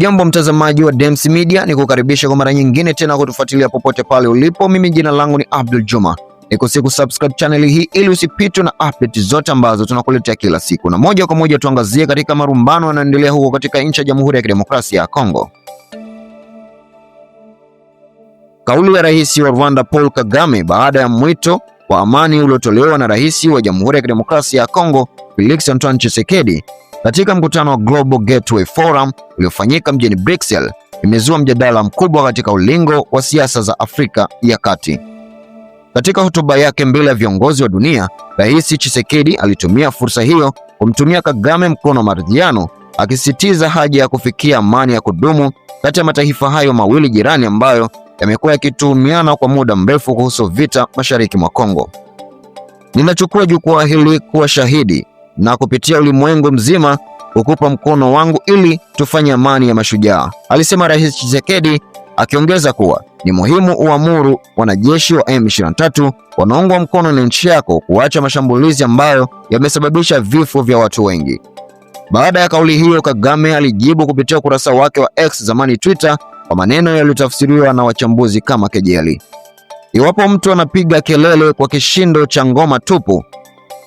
Ujambo mtazamaji wa Dems Media, ni kukaribisha kwa mara nyingine tena kutufuatilia popote pale ulipo. Mimi jina langu ni Abdul Juma, kusiku subscribe channel hii ili usipitwe na update zote ambazo tunakuletea kila siku, na moja kwa moja tuangazie katika marumbano yanayoendelea huko katika nchi ya Jamhuri ya Kidemokrasia ya Kongo. Kauli ya rais wa Rwanda Paul Kagame baada ya mwito wa amani uliotolewa na rais wa Jamhuri ya Kidemokrasia ya Kongo Felix Antoine Tshisekedi katika mkutano wa Global Gateway Forum uliofanyika mjini Brussels, imezua mjadala mkubwa katika ulingo wa siasa za Afrika ya Kati. Katika hotuba yake mbele ya viongozi wa dunia, Rais Tshisekedi alitumia fursa hiyo kumtumia Kagame mkono wa maridhiano, akisisitiza haja ya kufikia amani ya kudumu kati ya mataifa hayo mawili jirani ambayo yamekuwa yakituhumiana kwa muda mrefu kuhusu vita mashariki mwa Kongo. Ninachukua jukwaa hili kuwa shahidi na kupitia ulimwengu mzima hukupa mkono wangu ili tufanye amani ya mashujaa, alisema Rais Tshisekedi, akiongeza kuwa ni muhimu uamuru wanajeshi wa M23 wanaungwa mkono na nchi yako kuacha mashambulizi ambayo yamesababisha vifo vya watu wengi. Baada ya kauli hiyo, Kagame alijibu kupitia ukurasa wake wa X, zamani Twitter, kwa maneno yaliyotafsiriwa na wachambuzi kama kejeli. Iwapo mtu anapiga kelele kwa kishindo cha ngoma tupu,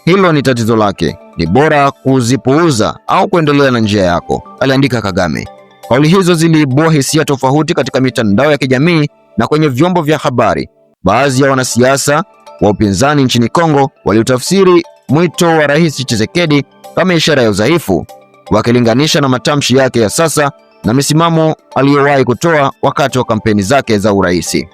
hilo ni tatizo lake, ni bora kuzipuuza au kuendelea na njia yako, aliandika Kagame. Kauli hizo ziliibua hisia tofauti katika mitandao ya kijamii na kwenye vyombo vya habari. Baadhi ya wanasiasa wa upinzani nchini Kongo waliutafsiri mwito wa Rais Tshisekedi kama ishara ya udhaifu, wakilinganisha na matamshi yake ya sasa na misimamo aliyowahi kutoa wakati wa kampeni zake za uraisi.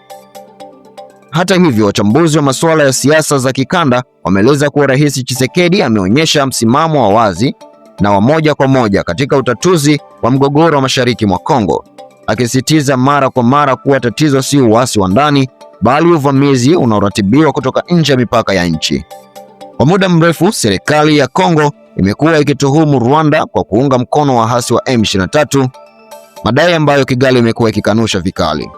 Hata hivyo, wachambuzi wa masuala ya siasa za kikanda wameeleza kuwa Rais Tshisekedi ameonyesha msimamo wa wazi na wa moja kwa moja katika utatuzi wa mgogoro wa mashariki mwa Kongo, akisisitiza mara kwa mara kuwa tatizo si uasi wa ndani bali uvamizi unaoratibiwa kutoka nje ya mipaka ya nchi. Kwa muda mrefu, serikali ya Kongo imekuwa ikituhumu Rwanda kwa kuunga mkono waasi wa M23, madai ambayo Kigali imekuwa ikikanusha vikali.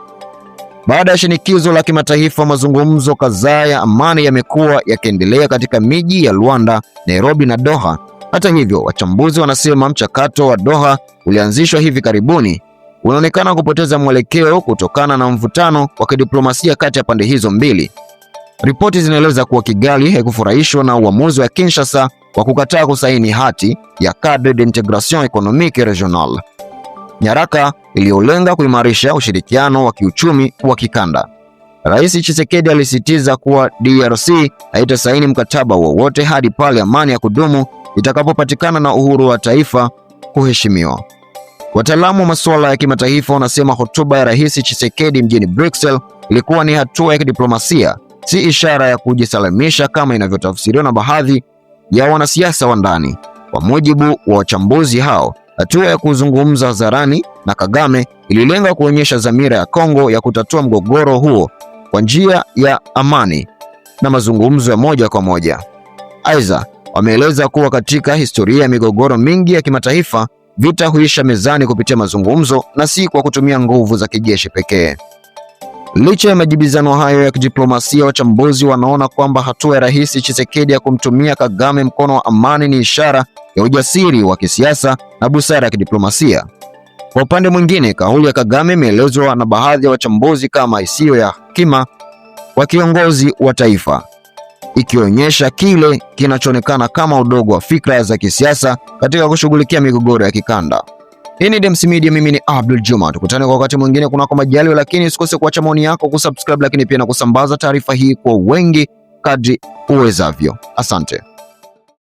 Baada ya shinikizo la kimataifa, mazungumzo kadhaa ya amani yamekuwa yakiendelea katika miji ya Luanda, Nairobi na Doha. Hata hivyo, wachambuzi wanasema mchakato wa Doha ulianzishwa hivi karibuni unaonekana kupoteza mwelekeo kutokana na mvutano wa kidiplomasia kati ya pande hizo mbili. Ripoti zinaeleza kuwa Kigali haikufurahishwa na uamuzi wa Kinshasa wa kukataa kusaini hati ya Cadre d'Integration Economique Regionale nyaraka iliyolenga kuimarisha ushirikiano wa kiuchumi wa kikanda. Rais Tshisekedi alisisitiza kuwa DRC haitasaini mkataba wowote hadi pale amani ya kudumu itakapopatikana na uhuru wa taifa kuheshimiwa. Wataalamu wa masuala ya kimataifa wanasema hotuba ya Rais Tshisekedi mjini Brussels ilikuwa ni hatua ya kidiplomasia, si ishara ya kujisalimisha kama inavyotafsiriwa na baadhi ya wanasiasa wa ndani. Kwa mujibu wa wachambuzi hao, Hatua ya kuzungumza hadharani na Kagame ililenga kuonyesha dhamira ya Kongo ya kutatua mgogoro huo kwa njia ya amani na mazungumzo ya moja kwa moja. Aidha, wameeleza kuwa katika historia ya migogoro mingi ya kimataifa, vita huisha mezani kupitia mazungumzo na si kwa kutumia nguvu za kijeshi pekee. Licha ya majibizano hayo ya kidiplomasia, wachambuzi wanaona kwamba hatua ya Rais Tshisekedi ya kumtumia Kagame mkono wa amani ni ishara ya ujasiri wa kisiasa na busara ya kidiplomasia. Kwa upande mwingine, kauli ya Kagame imeelezwa na baadhi ya wa wachambuzi kama isiyo ya hekima wa kiongozi wa taifa, ikionyesha kile kinachoonekana kama udogo wa fikra za kisiasa katika kushughulikia migogoro ya kikanda. Hii ni Dems Media, mimi ni Abdul Juma. Tukutane kwa wakati mwingine kunako majaliwa, lakini usikose kuacha maoni yako, kusubscribe, lakini pia na kusambaza taarifa hii kwa wengi kadri uwezavyo. Asante.